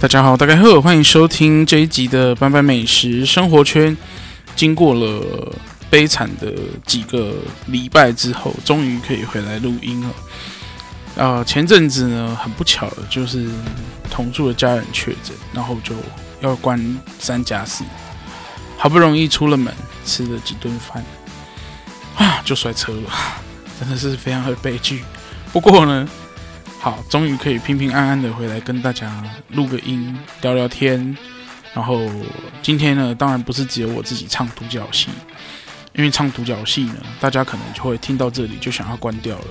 大家好，大家好，歡迎收聽這一集的《班班美食生活圈》。經過了悲慘的幾個禮拜之後，終於可以回來錄音了。啊、呃，前陣子呢，很不巧的就是同住的家人確診，然後就要關三加四。好不容易出了門，吃了幾頓飯，啊，就摔車了，真的是非常的悲劇。不過呢，好，終於可以平平安安的回來跟大家錄個音，聊聊天。然後今天呢，當然不是只有我自己唱獨角戲。因為唱獨角戲呢，大家可能就會聽到這裡就想要關掉了。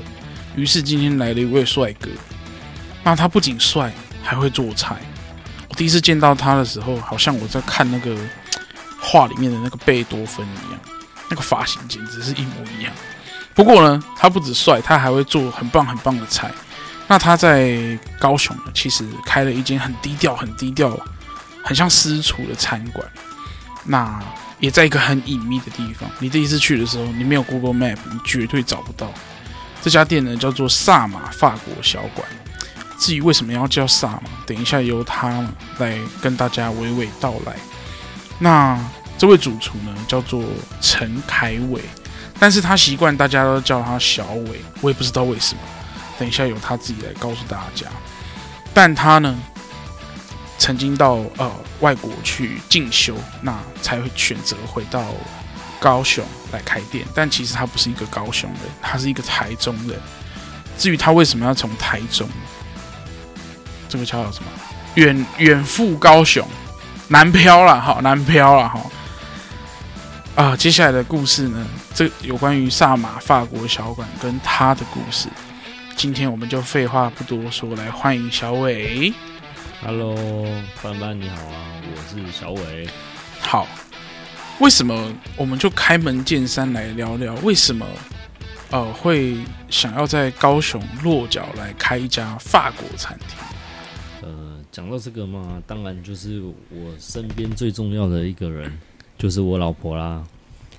於是今天來了一位帥哥，那他不僅帥，還會做菜。我第一次見到他的時候，好像我在看那個畫裡面的那個貝多芬一樣，那個髮型簡直是一模一樣。不過呢，他不止帥，他還會做很棒很棒的菜。那他在高雄呢，其實開了一間很低調、很低調、很像私廚的餐館。那。也在一個很隱秘的地方。你第一次去的時候，你沒有 Google Map，你絕對找不到這家店呢，叫做薩瑪法國小館。至於為什麼要叫薩瑪，等一下由他來跟大家娓娓道來。那這位主廚呢，叫做陳楷為，但是他習慣大家都叫他小為，我也不知道為什麼。等一下由他自己來告訴大家。但他呢？曾經到呃外國去進修，那才會選擇回到高雄來開店。但其實他不是一個高雄人，他是一個台中人。至於他為什麼要從台中，這個叫什麼？遠遠赴高雄，南漂了哈，南漂了哈。啊、呃，接下來的故事呢，這個、有關於薩瑪法國小館跟他的故事。今天我們就廢話不多說，來歡迎小為。Hello，班班你好啊，我是小為。好，為什麼我們就開門見山來聊聊，為什麼呃會想要在高雄落腳來開一家法國餐廳？呃，講到這個嘛，當然就是我身邊最重要的一個人，就是我老婆啦。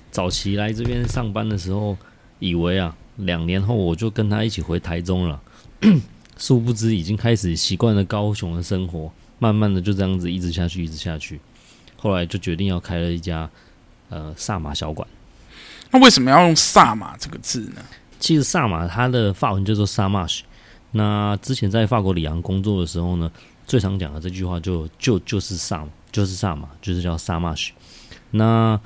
早期來這邊上班的時候，以為啊，兩年後我就跟她一起回台中了。 殊不知，已經開始習慣了高雄的生活，慢慢的就這樣子一直下去，一直下去。後來就決定要開了一家呃薩瑪小館。那為什麼要用“薩瑪”這個字呢？其實“薩瑪”它的法文叫做 Ça marche。那之前在法國里昂工作的時候呢，最常講的這句話就就就是“薩”就是“薩瑪”就是叫 Ça marche。那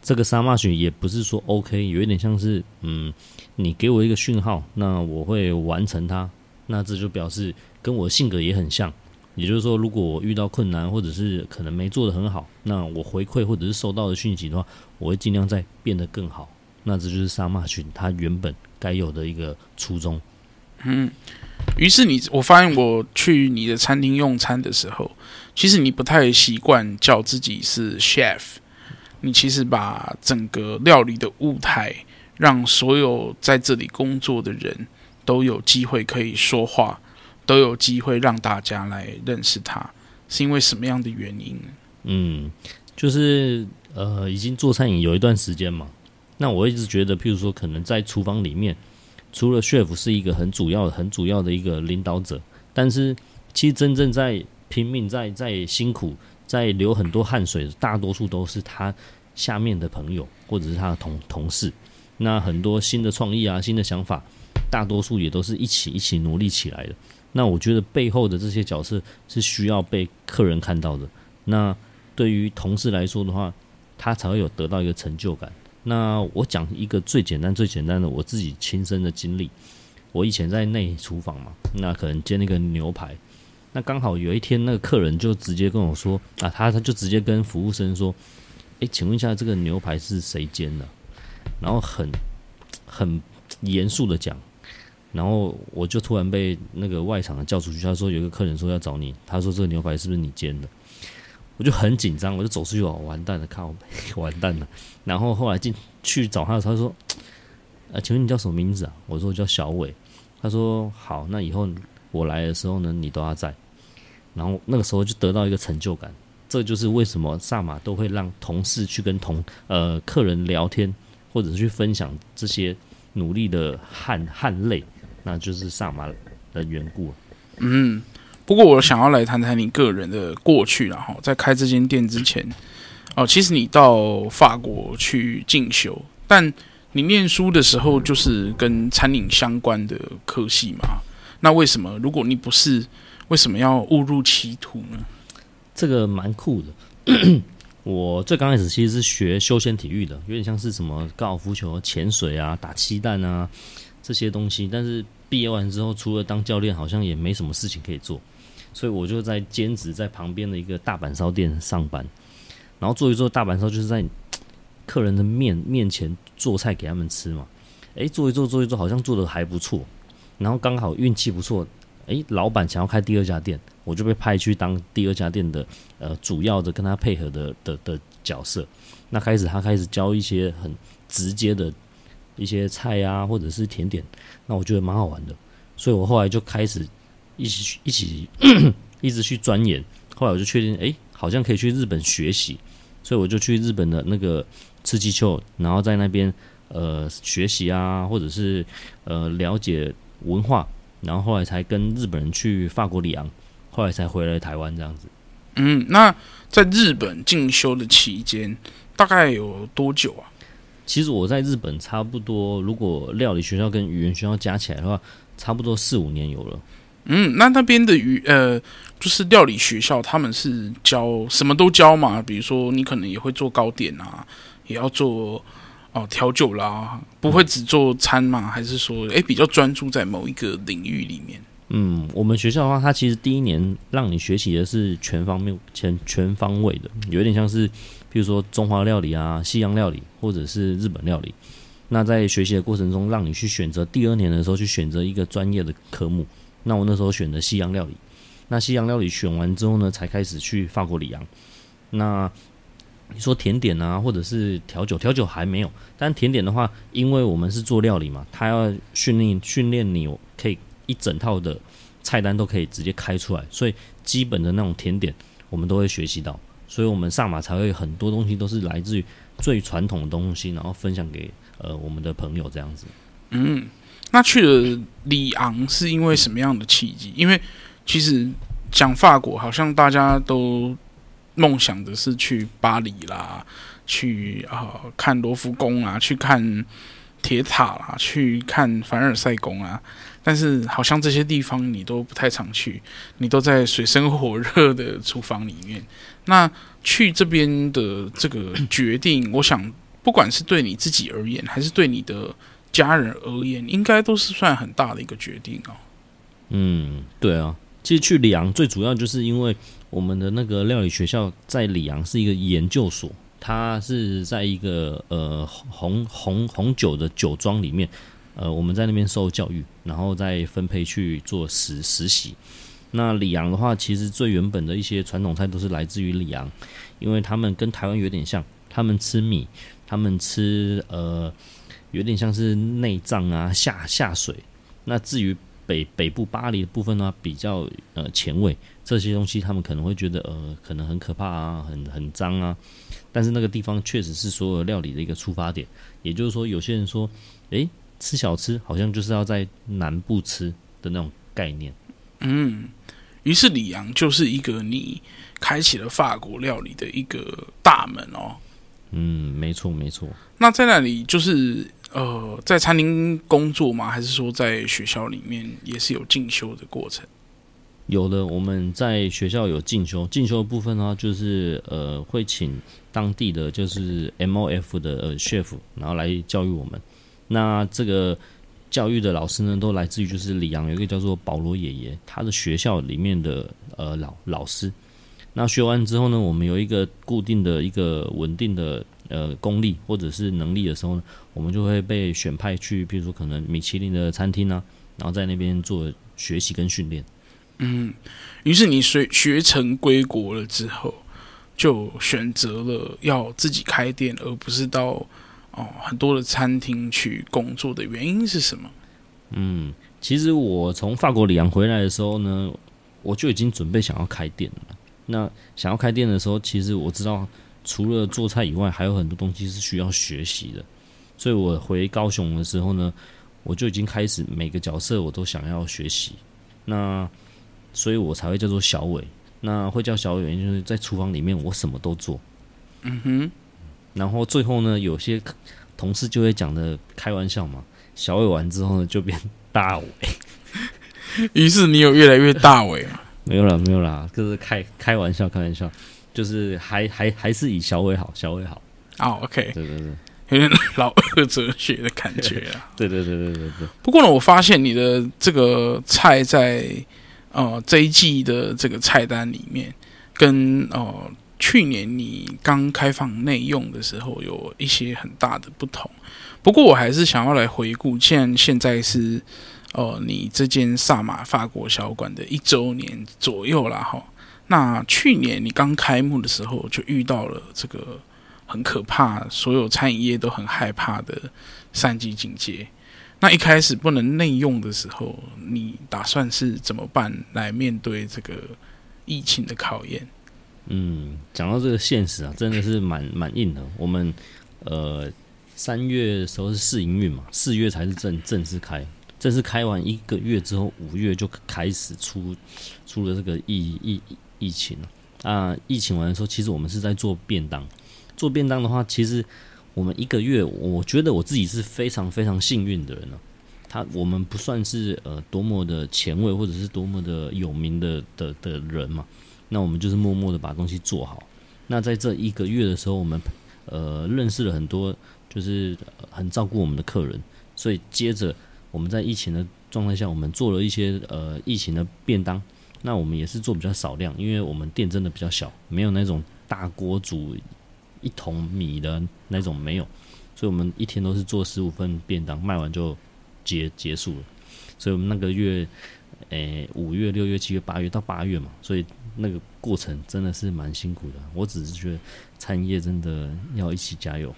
這個 Ça marche 也不是說 OK，有一點像是嗯，你給我一個訊號，那我會完成它。那這就表示跟我性格也很像，也就是說，如果我遇到困難，或者是可能沒做得很好，那我回饋或者是收到的訊息的話，我會盡量再變得更好。那這就是薩瑪它原本該有的一個初衷。嗯，於是你，我發現，我去你的餐廳用餐的時候，其實你不太習慣叫自己是 chef，你其實把整個料理的舞台讓所有在這裡工作的人，都有機會可以說話，都有機會讓大家來認識他，是因為什麼樣的原因呢？嗯，就是呃，已經做餐飲有一段時間嘛。那我一直覺得，譬如說，可能在廚房裡面，除了 Chef 是一個很主要、很主要的一個領導者，但是其實真正在拼命、在在辛苦、在流很多汗水，大多數都是他下面的朋友或者是他的同同事。那很多新的創意啊，新的想法。大多數也都是一起一起努力起來的。那我覺得背後的這些角色是需要被客人看到的。那對於同事來說的話，他才會有得到一個成就感。那我講一個最簡單最簡單的我自己親身的經歷。我以前在內廚房嘛，那可能煎那個牛排。那剛好有一天那個客人就直接跟我說：“啊，他他就直接跟服務生說，哎，請問一下這個牛排是誰煎的啊？”然後很很嚴肅的講。然後我就突然被那個外場的叫出去，他說：“有一個客人說要找你。”他說：“這個牛排是不是你煎的？”我就很緊張，我就走出去哦，完蛋了，看我，完蛋了。然後後來進去找他，他說：“呃，請問你叫什麼名字啊？”我說：“我叫小偉。”他說：“好，那以後我來的時候呢，你都要在。”然後那個時候就得到一個成就感，這就是為什麼薩瑪都會讓同事去跟同呃客人聊天，或者是去分享這些努力的汗汗淚。那就是薩瑪的緣故。嗯，不過我想要來談談你個人的過去，然後在開這間店之前，哦，其實你到法國去進修，但你念書的時候就是跟餐飲相關的科系嘛？那為什麼如果你不是，為什麼要誤入歧途呢？這個蠻酷的。咳咳，我最剛開始其實是學休閒體育的，有點像是什麼高爾夫球、潛水啊、打漆彈啊，這些東西，但是。畢業完之後，除了當教練，好像也沒什麼事情可以做，所以我就在兼職，在旁邊的一個大阪燒店上班，然後做一做大阪燒，就是在客人的面面前做菜給他們吃嘛。哎，做一做，做一做，好像做得還不錯。然後剛好運氣不錯，哎，老闆想要開第二家店，我就被派去當第二家店的呃主要的跟他配合的的的的角色。那開始他開始教一些很直接的。一些菜啊，或者是甜點，那我覺得蠻好玩的，所以我後來就開始一起一起咳咳一直去鑽研。後來我就確定，哎、欸，好像可以去日本學習，所以我就去日本的那個吃雞球，然後在那邊呃學習啊，或者是呃了解文化，然後後來才跟日本人去法國里昂，後來才回來台灣這樣子。嗯，那在日本進修的期間大概有多久啊？其實我在日本差不多，如果料理學校跟語言學校加起來的話，差不多四五年有了。嗯，那那邊的語呃，就是料理學校，他們是教什麼都教嘛？比如說你可能也會做糕點啊，也要做哦調酒啦，不會只做餐嘛？嗯、還是說，誒、欸，比較專注在某一個領域裡面？嗯，我們學校的話，它其實第一年讓你學習的是全方面全全方位的，有點像是。比如說中華料理啊、西洋料理或者是日本料理，那在學習的過程中，讓你去選擇第二年的時候去選擇一個專業的科目。那我那時候選擇西洋料理，那西洋料理選完之後呢，才開始去法國里昂。那你說甜點啊，或者是調酒，調酒還沒有，但甜點的話，因為我們是做料理嘛，它要訓練訓練你，可以一整套的菜單都可以直接開出來，所以基本的那種甜點我們都會學習到。所以，我們薩瑪才會很多東西都是來自於最傳統的東西，然後分享給呃我們的朋友這樣子。嗯，那去了里昂是因為什麼樣的契機？因為其實講法國，好像大家都夢想的是去巴黎啦，去啊看羅浮宮啊，去看。鐵塔啦，去看凡爾賽宮啊，但是好像這些地方你都不太常去，你都在水深火熱的廚房裡面。那去這邊的這個決定，我想不管是對你自己而言，還是對你的家人而言，應該都是算很大的一個決定哦。嗯，對啊，其實去里昂最主要就是因為我們的那個料理學校在里昂是一個研究所。他是在一個呃紅紅紅酒的酒莊裡面，呃，我們在那邊受教育，然後再分配去做實實習。那里昂的話，其實最原本的一些傳統菜都是來自於里昂，因為他們跟台灣有點像，他們吃米，他們吃呃有點像是內臟啊下下水。那至於北北部巴黎的部分呢，啊，比較呃前衛，這些東西他們可能會覺得呃可能很可怕啊，很很髒啊。但是那個地方確實是所有料理的一個出發點，也就是說，有些人說，誒、欸，吃小吃好像就是要在南部吃的那種概念。嗯，於是里昂就是一個你開啟了法國料理的一個大門哦。嗯，沒錯沒錯。那在那裡就是呃，在餐廳工作嗎？還是說在學校裡面也是有進修的過程？有的，我們在學校有進修，進修的部分呢，就是呃會請當地的就是 MOF 的、呃、chef，然後來教育我們。那這個教育的老師呢，都來自於就是里昂有一個叫做保羅爺爺，他的學校裡面的呃老老師。那學完之後呢，我們有一個固定的一個穩定的呃功力或者是能力的時候呢，我們就會被選派去，譬如說可能米其林的餐廳呢、啊，然後在那邊做學習跟訓練。嗯，於是你學學成歸國了之後，就選擇了要自己開店，而不是到哦很多的餐廳去工作的原因是什麼？嗯，其實我從法國里昂回來的時候呢，我就已經準備想要開店了。那想要開店的時候，其實我知道除了做菜以外，還有很多東西是需要學習的。所以我回高雄的時候呢，我就已經開始每個角色我都想要學習。那所以我才會叫做小尾，那會叫小尾，原因就是在廚房裡面我什麼都做。嗯哼，然後最後呢，有些同事就會講的開玩笑嘛，小尾完之後呢，就變大尾。 於是你有越來越大尾嗎？沒有啦，沒有啦，就是開開玩笑，開玩笑，就是還還還是以小尾好，小尾好。哦，OK，對對對，有點老二哲學的感覺啊。 對，對，對對對對對對。不過呢，我發現你的這個菜在。哦、呃，這一季的這個菜單裡面，跟哦、呃、去年你剛開放內用的時候有一些很大的不同。不過我還是想要來回顧，既然現在是哦、呃、你這間薩瑪法國小館的一周年左右了哈，那去年你剛開幕的時候就遇到了這個很可怕，所有餐飲業都很害怕的三級警戒。那一開始不能內用的時候，你打算是怎麼辦來面對這個疫情的考驗？嗯，講到這個現實啊，真的是蠻蠻硬的。我們呃三月的時候是試營運嘛，四月才是正正式開，正式開完一個月之後，五月就開始出出了這個疫疫疫情了，啊。那，啊，疫情完的時候，其實我們是在做便當。做便當的話，其實。我們一個月，我覺得我自己是非常非常幸運的人了啊。他，我們不算是呃多麼的前衛或者是多麼的有名的的的人嘛。那我們就是默默的把東西做好。那在這一個月的時候，我們呃認識了很多就是很照顧我們的客人。所以接着我們在疫情的狀態下，我們做了一些呃疫情的便當。那我們也是做比較少量，因為我們店真的比較小，沒有那種大鍋煮。一桶米的那種沒有，所以我們一天都是做十五份便當，賣完就結結束了。所以我們那個月，誒、欸，五月、六月、七月、八月到八月嘛，所以那個過程真的是蠻辛苦的。我只是覺得餐業真的要一起加油。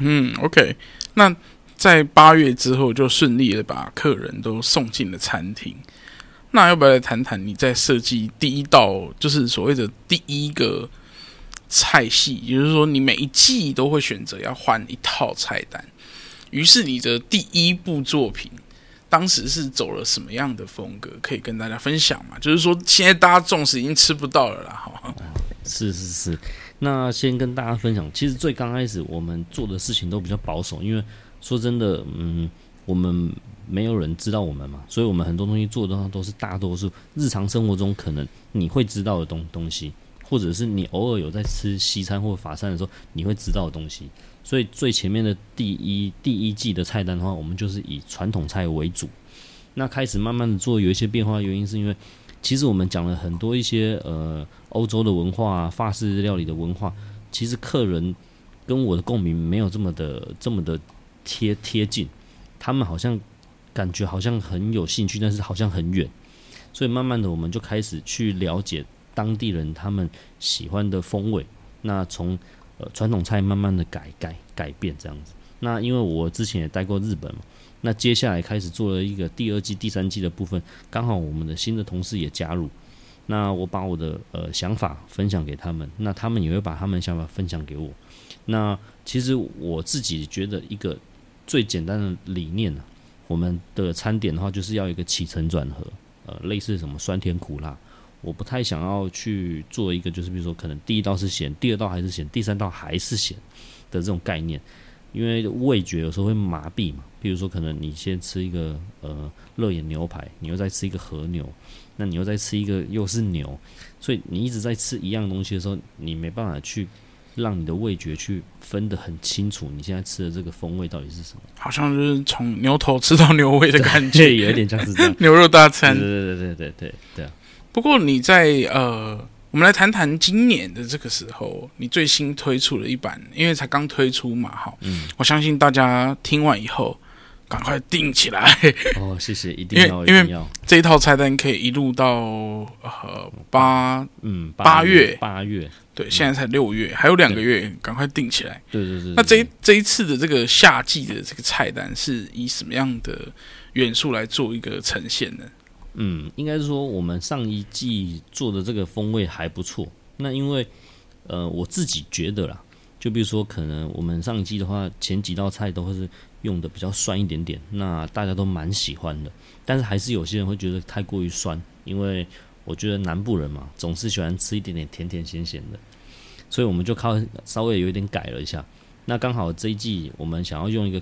嗯，OK，那在八月之後就順利的把客人都送進了餐廳。那要不要來談談你在設計第一道，就是所謂的第一個？菜系，也就是說，你每一季都會選擇要換一套菜單。於是你的第一部作品，當時是走了什麼樣的風格？可以跟大家分享嘛？就是說，現在大家重視已經吃不到了啦。好不好？是是是。那先跟大家分享，其實最剛開始我們做的事情都比較保守，因為說真的，嗯，我們沒有人知道我們嘛，所以我們很多東西做的都是大多數日常生活中可能你會知道的東東西。或者是你偶爾有在吃西餐或法餐的時候，你會知道的東西。所以最前面的第一第一季的菜單的話，我們就是以傳統菜為主。那開始慢慢的做有一些變化，原因是因為其實我們講了很多一些呃歐洲的文化、法式料理的文化，其實客人跟我的共鳴沒有這麼的這麼的貼貼近。他們好像感覺好像很有興趣，但是好像很遠。所以慢慢的我們就開始去了解。當地人他們喜歡的風味，那從呃傳統菜慢慢的改改改變這樣子。那因為我之前也待過日本嘛，那接下來開始做了一個第二季、第三季的部分，剛好我們的新的同事也加入，那我把我的呃想法分享給他們，那他們也會把他們想法分享給我。那其實我自己覺得一個最簡單的理念呢啊，我們的餐點的話就是要一個起承轉合，呃，類似什麼酸甜苦辣。我不太想要去做一個，就是比如說，可能第一道是鹹，第二道還是鹹，第三道還是鹹的這種概念，因為味覺有時候會麻痹嘛。比如說，可能你先吃一個呃肉眼牛排，你又再吃一個和牛，那你又再吃一個又是牛，所以你一直在吃一樣東西的時候，你沒辦法去讓你的味覺去分得很清楚，你現在吃的這個風味到底是什麼？好像是從牛頭吃到牛尾的感覺，有一點像是這樣 牛肉大餐，對對對對對對對。對啊不過你在呃，我們來談談今年的這個時候，你最新推出了一版，因為才剛推出嘛，哈，嗯，我相信大家聽完以後，趕快訂起來。哦，謝謝，因為，一定要，因為這一套菜單可以一路到呃八，嗯，八月八月，八月，嗯，對，現在才六月，還有兩個月，趕快訂起來。對對對，對。那這這一次的這個夏季的這個菜單，是以什麼樣的元素來做一個呈現呢？嗯，應該是說我們上一季做的這個風味還不錯。那因為，呃，我自己覺得啦，就比如說可能我們上一季的話，前幾道菜都會是用的比較酸一點點，那大家都蠻喜歡的。但是還是有些人會覺得太過於酸，因為我覺得南部人嘛，總是喜歡吃一點點甜甜鹹鹹的，所以我們就靠稍微有一點改了一下。那剛好這一季我們想要用一個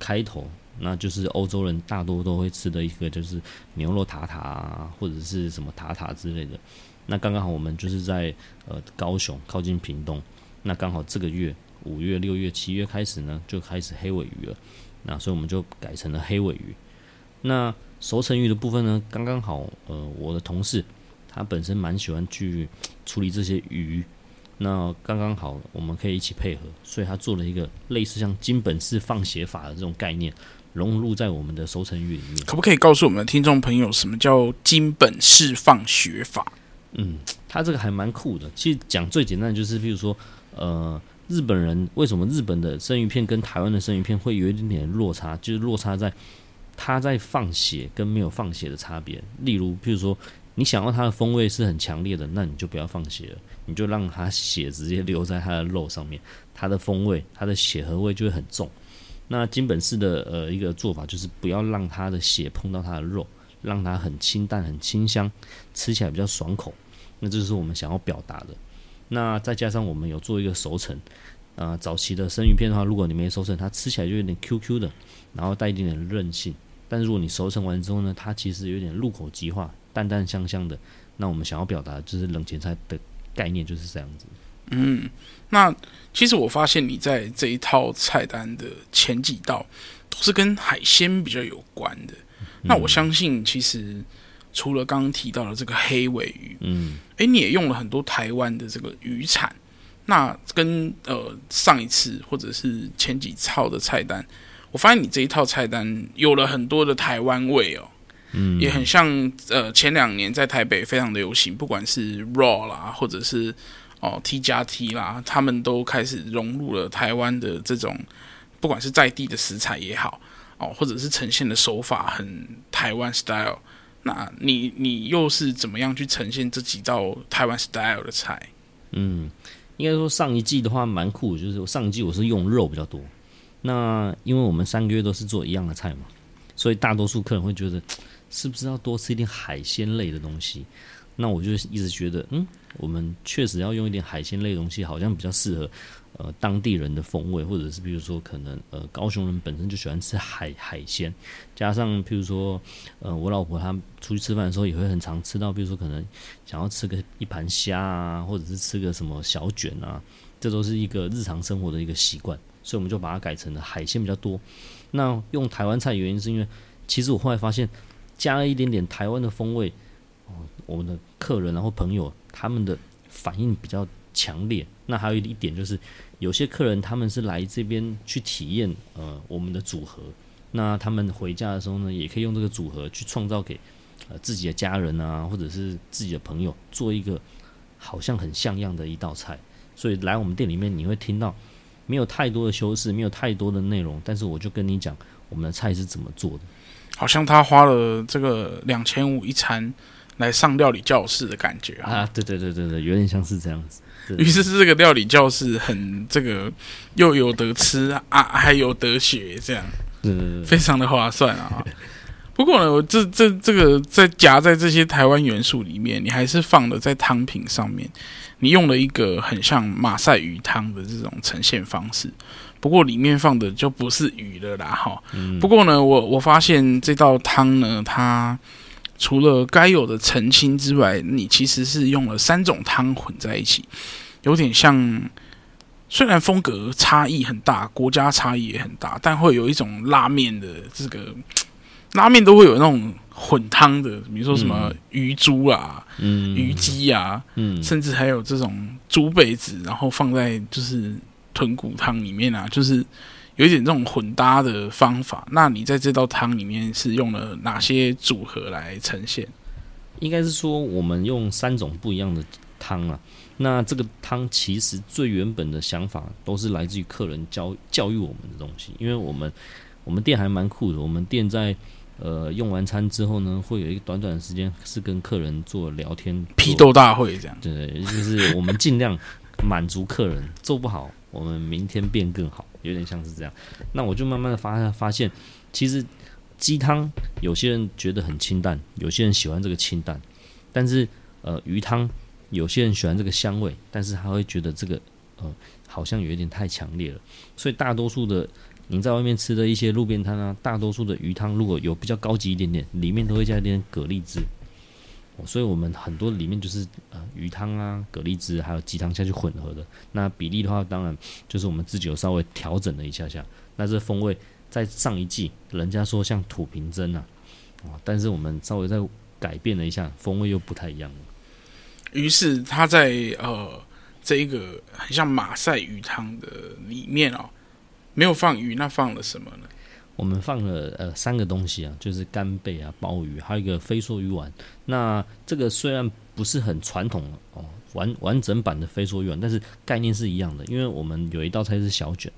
開頭。那就是歐洲人大多都會吃的一個，就是牛肉塔塔啊，或者是什麼塔塔之類的。那剛剛好，我們就是在呃高雄靠近屏東，那剛好這個月五月、六月、七月開始呢，就開始黑尾魚了。那所以我們就改成了黑鮪魚。那熟成魚的部分呢，剛剛好，呃，我的同事他本身蠻喜歡去處理這些魚，那剛剛好我們可以一起配合，所以他做了一個類似像津本式放血法的這種概念。融入在我們的熟成魚裡面，可不可以告訴我們的聽眾朋友什麼叫金本式放血法？嗯，它這個還蠻酷的。其實講最簡單的，就是譬如說，呃，日本人為什麼日本的生魚片跟台灣的生魚片會有一點點落差，就是落差在它在放血跟沒有放血的差別。例如，譬如說，你想要它的風味是很強烈的，那你就不要放血了，你就讓它血直接留在它的肉上面，它的風味、它的血合味就會很重。那基本上的呃一個做法就是不要讓它的血碰到它的肉，讓它很清淡、很清香，吃起來比較爽口。那這是我們想要表達的。那再加上我們有做一個熟成，呃，早期的生魚片的話，如果你沒熟成，它吃起來就有點 Q Q 的，然後帶一點點韌性。但是如果你熟成完之後呢，它其實有點入口即化，淡淡香香的。那我們想要表達就是冷前菜的概念就是這樣子。嗯，那其實我發現你在這一套菜單的前幾道都是跟海鮮比較有關的。嗯、那我相信，其實除了剛剛提到的這個黑尾魚，嗯，哎、欸，你也用了很多台灣的這個魚產。那跟呃上一次或者是前幾套的菜單，我發現你這一套菜單有了很多的台灣味哦。嗯，也很像呃前兩年在台北非常流行，不管是 raw 啦，或者是。哦，T 加 T 啦，他們都開始融入了台灣的這種，不管是在地的食材也好，哦，或者是呈現的手法很台灣 style。那你你又是怎麼樣去呈現這幾道台灣 style 的菜？嗯，應該說上一季的話蠻酷，就是上一季我是用肉比較多。那因為我們三個月都是做一樣的菜嘛，所以大多數客人會覺得是不是要多吃一點海鮮類的東西？那我就一直覺得，嗯，我們確實要用一點海鮮類的東西，好像比較適合，呃，當地人的風味，或者是比如說可能，呃，高雄人本身就喜歡吃海海鮮，加上譬如說，呃，我老婆她出去吃飯的時候也會很常吃到，比如說可能想要吃個一盤蝦啊，或者是吃個什麼小卷啊，這都是一個日常生活的一個習慣，所以我們就把它改成了海鮮比較多。那用台灣菜原因是因為，其實我後來發現，加了一點點台灣的風味。我們的客人然後朋友他們的反應比較強烈。那還有一點就是，有些客人他們是來這邊去體驗呃，我們的組合。那他們回家的時候呢，也可以用這個組合去創造給呃自己的家人啊，或者是自己的朋友，做一個好像很像樣的一道菜。所以來我們店裡面，你會聽到沒有太多的修飾，沒有太多的內容，但是我就跟你講我們的菜是怎麼做的，好像他花了這個兩千五一餐。來上料理教室的感覺啊！對對對對對，有點像是這樣子。於是這個料理教室很這個，又有得吃啊，還有得學這樣，對對對，非常的划算啊。 不過呢，這這這個在夾在這些台灣元素裡面，你還是放的在湯品上面，你用了一個很像馬賽魚湯的這種呈現方式。不過裡面放的就不是魚了啦，哈、嗯。不過呢，我我發現這道湯呢，它。除了該有的澄清之外，你其實是用了三種湯混在一起，有點像。雖然風格差異很大，國家差異也很大，但會有一種拉麵的這個拉麵都會有那種混湯的，比如說什麼魚豬啊，嗯，魚雞啊，嗯，甚至還有這種豬背子，然後放在就是豚骨湯裡面啊，就是。有一點這種混搭的方法，那你在這道湯裡面是用了哪些組合來呈現？應該是說我們用三種不一樣的湯啊。那這個湯其實最原本的想法都是來自於客人教教育我們的東西，因為我們我們店還蠻酷的，我們店在呃用完餐之後呢，會有一個短短的時間是跟客人做聊天做批鬥大會這樣，對，就是我們儘量滿足客人， 做不好我們明天變更好。有點像是這樣，那我就慢慢的發發現，其實雞湯有些人覺得很清淡，有些人喜歡這個清淡，但是呃魚湯有些人喜歡這個香味，但是他會覺得這個呃好像有一點太強烈了，所以大多數的你在外面吃的一些路邊攤啊，大多數的魚湯如果有比較高級一點點，裡面都會加一點點蛤蜊汁。所以，我們很多裡面就是呃魚湯啊、蛤蜊汁，還有雞湯下去混合的。那比例的話，當然就是我們自己有稍微調整了一下下。那這風味在上一季，人家說像土瓶蒸啊，但是我們稍微再改變了一下，風味又不太一樣。於是他，它在呃這一個很像馬賽魚湯的裡面哦，沒有放魚，那放了什麼呢？我們放了呃三個東西啊，就是干貝啊、鮑魚，還有一個飛梭魚丸。那這個雖然不是很傳統哦，完完整版的飛梭魚丸，但是概念是一樣的。因為我們有一道菜是小卷，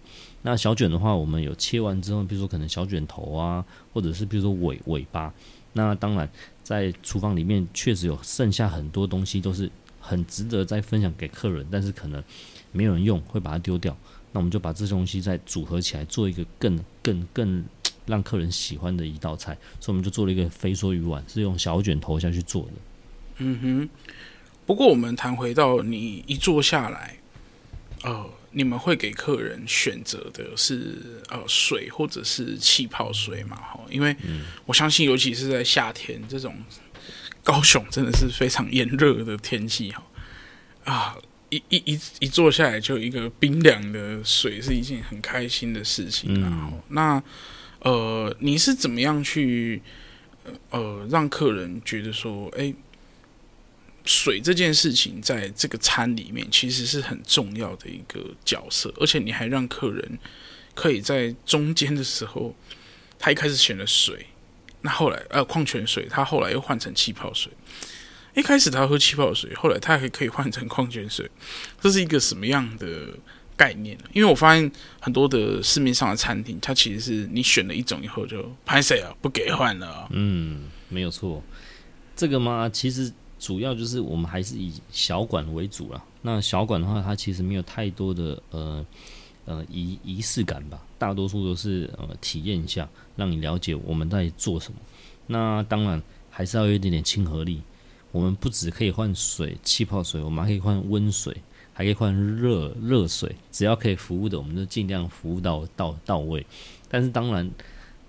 那小卷的話，我們有切完之後，比如說可能小卷頭啊，或者是比如說尾尾巴。那當然，在廚房裡面確實有剩下很多東西，都是很值得再分享給客人，但是可能沒有人用，會把它丟掉。那我們就把這些東西再組合起來，做一個更、更、更讓客人喜歡的一道菜。所以我們就做了一個飛梭魚丸，是用小卷頭下去做的。嗯哼。不過我們談回到你一坐下來，呃，你們會給客人選擇的是呃水或者是氣泡水嘛？哈，因為我相信，尤其是在夏天這種高雄真的是非常炎熱的天氣哈啊。呃一一一一坐下來，就一個冰涼的水是一件很開心的事情然後、啊、嗯、那呃，你是怎麼樣去呃讓客人覺得說，誒，水這件事情在這個餐裡面其實是很重要的一個角色，而且你還讓客人可以在中間的時候，他一開始選了水，那後來呃礦泉水，他後來又換成氣泡水。一開始他喝氣泡水，後來他還可以換成礦泉水，這是一個什麼樣的概念呢？因為我發現很多的市面上的餐廳，它其實是你選了一種以後就拍死啊，不給換了啊。嗯，沒有錯。這個嘛，其實主要就是我們還是以小館為主啦。那小館的話，它其實沒有太多的呃呃儀儀式感吧，大多數都是呃體驗一下，讓你了解我們在做什麼。那當然還是要有一點點親和力。我們不只可以換水、氣泡水，我們還可以換溫水，還可以換熱熱水，只要可以服務的，我們就盡量服務到到到位。但是當然，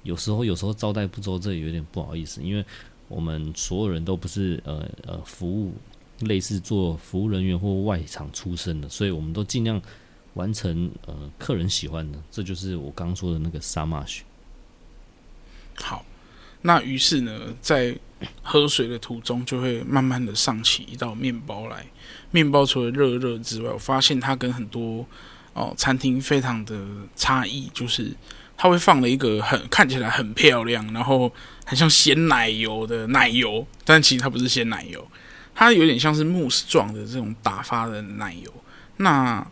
有時候有時候招待不周，這也有點不好意思，因為我們所有人都不是呃呃服務類似做服務人員或外場出身的，所以我們都盡量完成呃客人喜歡的。這就是我剛說的那個 Ça marche。好，那於是呢，在。喝水的途中就會慢慢的上起一道麵包來，麵包除了熱熱之外，我發現它跟很多哦、呃、餐廳非常的差異，就是它會放了一個很看起來很漂亮，然後很像鮮奶油的奶油，但其實它不是鮮奶油，它有點像是慕斯狀的這種打發的奶油。那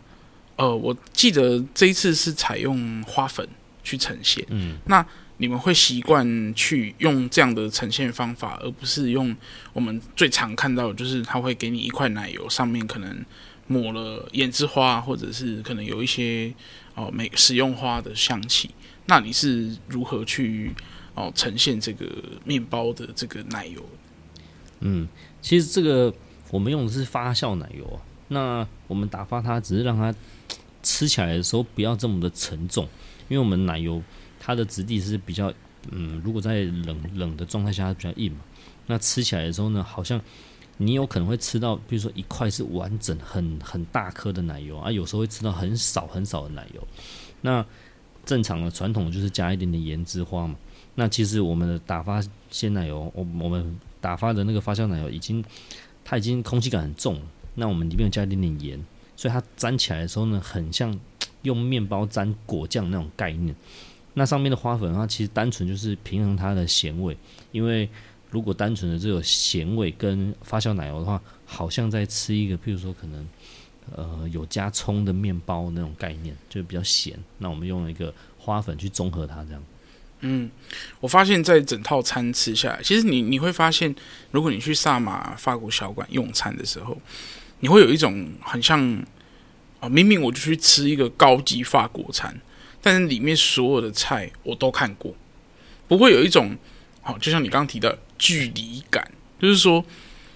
呃，我記得這一次是採用花粉去呈現，嗯，那。你們會習慣去用這樣的呈現方法，而不是用我們最常看到，就是它會給你一塊奶油，上面可能抹了胭脂花，或者是可能有一些哦，食用花的香氣。那你是如何去哦呈現這個麵包的這個奶油？嗯，其實這個我們用的是發酵奶油啊，那我們打發它，只是讓它吃起來的時候不要這麼的沉重，因為我們奶油。它的質地是比較，嗯，如果在冷冷的狀態下它比較硬嘛。那吃起來的時候呢，好像你有可能會吃到，比如說一塊是完整很、很很大顆的奶油啊，有時候會吃到很少很少的奶油。那正常的傳統就是加一點點鹽之花嘛。那其實我們的打發鮮奶油，我我們打發的那個發酵奶油已經，它已經空氣感很重。那我們裡面有加一點點鹽，所以它粘起來的時候呢，很像用麵包粘果醬那種概念。那上面的花粉啊，其實單純就是平衡它的鹹味，因為如果單純的只有鹹味跟發酵奶油的話，好像在吃一個，譬如說可能呃有加蔥的麵包那種概念，就比較鹹。那我們用一個花粉去綜合它，這樣。嗯，我發現，在整套餐吃下來，其實你你會發現，如果你去薩瑪法國小館用餐的時候，你會有一種很像啊，明明我就去吃一個高級法國餐。但是裡面所有的菜我都看過，不會有一種好，就像你剛剛提到距離感，就是說，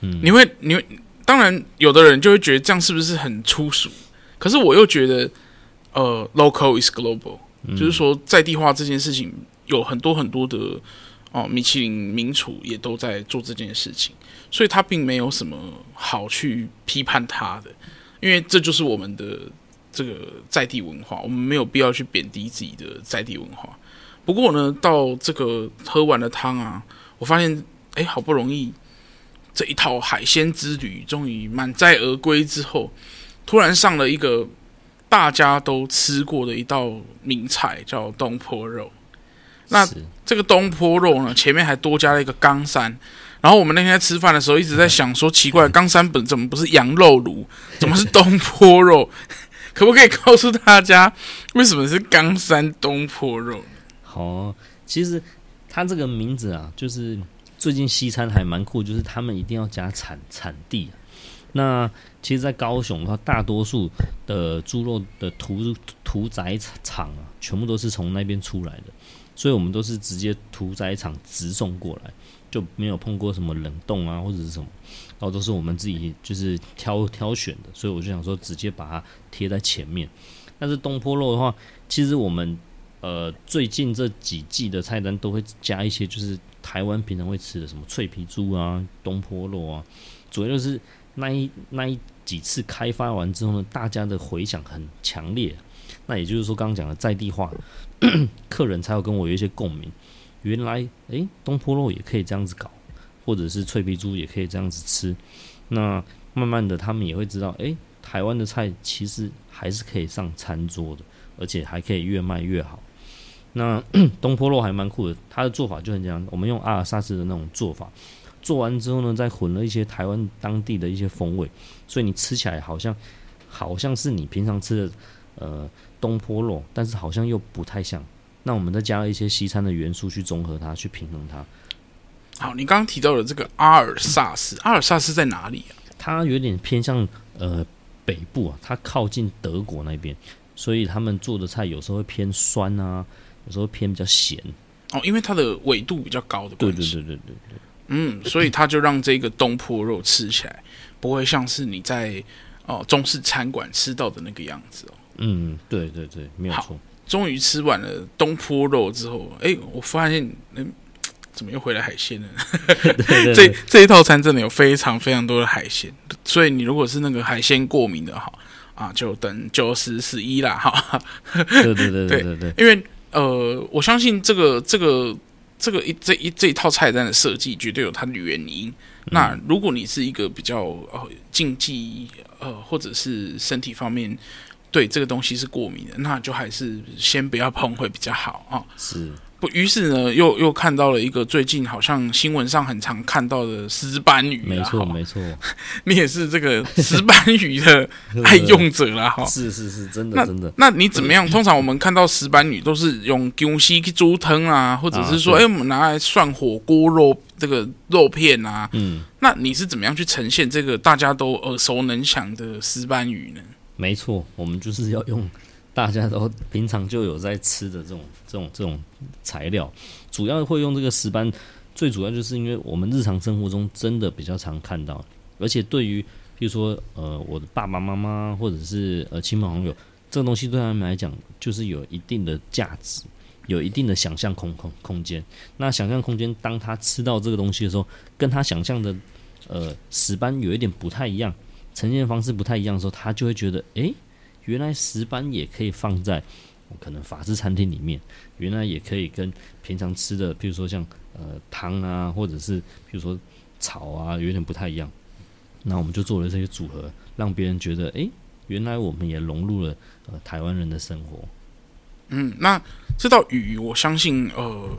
嗯、你會你會當然有的人就會覺得這樣是不是很粗俗？可是我又覺得呃，local is global，、嗯、就是說在地化這件事情有很多很多的哦，米其林名廚也都在做這件事情，所以他並沒有什麼好去批判他的，因為這就是我們的。這個在地文化，我們沒有必要去貶低自己的在地文化。不過呢，到這個喝完了湯啊，我發現哎，好不容易這一套海鮮之旅終於滿載而歸之後，突然上了一個大家都吃過的一道名菜，叫東坡肉。那這個東坡肉呢，前面還多加了一個岡山，然後我們那天在吃飯的時候一直在想說，嗯、奇怪，岡山本怎麼不是羊肉爐，怎麼是東坡肉？ 可不可以告訴大家，為什麼是岡山東坡肉？好啊，其實它這個名字啊，就是最近西餐還蠻酷，就是他們一定要加產產地啊。那其實，在高雄的話，大多數的豬肉的屠屠宰場啊，全部都是從那邊出來的，所以我們都是直接屠宰場直送過來，就沒有碰過什麼冷凍啊或者是什麼。然後都是我們自己就是挑挑選的，所以我就想說直接把它貼在前面。但是東坡肉的話，其實我們呃最近這幾季的菜單都會加一些，就是台灣平常會吃的什麼脆皮豬啊、東坡肉啊，主要就是那一那一幾次開發完之後呢，大家的回響很強烈。那也就是說，剛剛講的在地化，呵呵客人才會跟我有一些共鳴。原來誒，東坡肉也可以這樣子搞。或者是脆皮豬也可以這樣子吃，那慢慢的他們也會知道，誒、欸，台灣的菜其實還是可以上餐桌的，而且還可以越賣越好。那東坡肉還蠻酷的，它的做法就很像，我們用阿爾薩斯的那種做法，做完之後呢，再混了一些台灣當地的一些風味，所以你吃起來好像好像是你平常吃的呃東坡肉，但是好像又不太像。那我們再加了一些西餐的元素去綜合它，去平衡它。好，你剛剛提到的這個阿爾薩斯，阿爾薩斯在哪裡啊？它有點偏向呃北部啊，它靠近德國那邊，所以他們做的菜有時候會偏酸啊，有時候偏比較鹹哦，因為它的緯度比較高的關係。對對對對對，對嗯，所以它就讓這個東坡肉吃起來不會像是你在哦中式餐館吃到的那個樣子哦。嗯對對對，沒有錯。終於吃完了東坡肉之後，誒，我發現嗯。怎麼又回來海鮮了呢？ 對對對對，這一這一套餐真的有非常非常多的海鮮，所以你如果是那個海鮮過敏的哈啊，就等九十四一啦哈。 對，對，對對對對對，因為呃，我相信這個這個這個一這一,一這一套菜單的設計絕對有它的原因。嗯、那如果你是一個比較呃禁忌呃或者是身體方面對這個東西是過敏的，那就還是先不要碰會比較好啊。是。不，於是呢，又又看到了一個最近好像新聞上很常看到的石斑魚，沒錯沒錯， 你也是這個石斑魚的愛用者了哈，是是是真的真的。那你怎麼樣？通常我們看到石斑魚都是用牛西去煮湯啊，或者是說，哎、啊欸，我們拿來涮火鍋肉這個肉片啊。嗯，那你是怎麼樣去呈現這個大家都耳熟能詳的石斑魚呢？沒錯，我們就是要用。大家都平常就有在吃的這種這種這種材料，主要會用這個石斑，最主要就是因為我們日常生活中真的比較常看到，而且對於譬如說呃我的爸爸媽媽或者是呃親朋好友，這個東西對他們來講就是有一定的價值，有一定的想象空空空間。那想象空間，當他吃到這個東西的時候，跟他想象的呃石斑有一點不太一樣，呈現方式不太一樣的時候，他就會覺得誒。欸原來石斑也可以放在可能法式餐廳裡面，原來也可以跟平常吃的，比如說像呃湯啊，或者是比如說炒啊，有點不太一樣。那我們就做了這些組合，讓別人覺得，誒、欸，原來我們也融入了呃台灣人的生活。嗯，那這道魚，我相信呃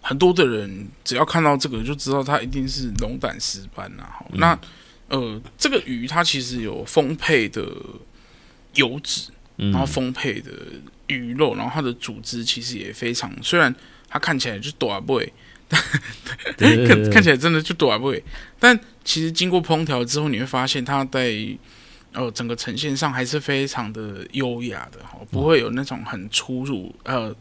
很多的人只要看到這個就知道它一定是龍膽石斑啦、啊。好，那呃這個魚它其實有豐沛的。油脂，然後豐沛的魚肉，然後它的組織其實也非常，雖然它看起來就大尾，但對對對對看，看起來真的就大尾，但其實經過烹調之後，你會發現它在哦、呃、整個呈現上還是非常的優雅的哈，不會有那種很粗魯呃，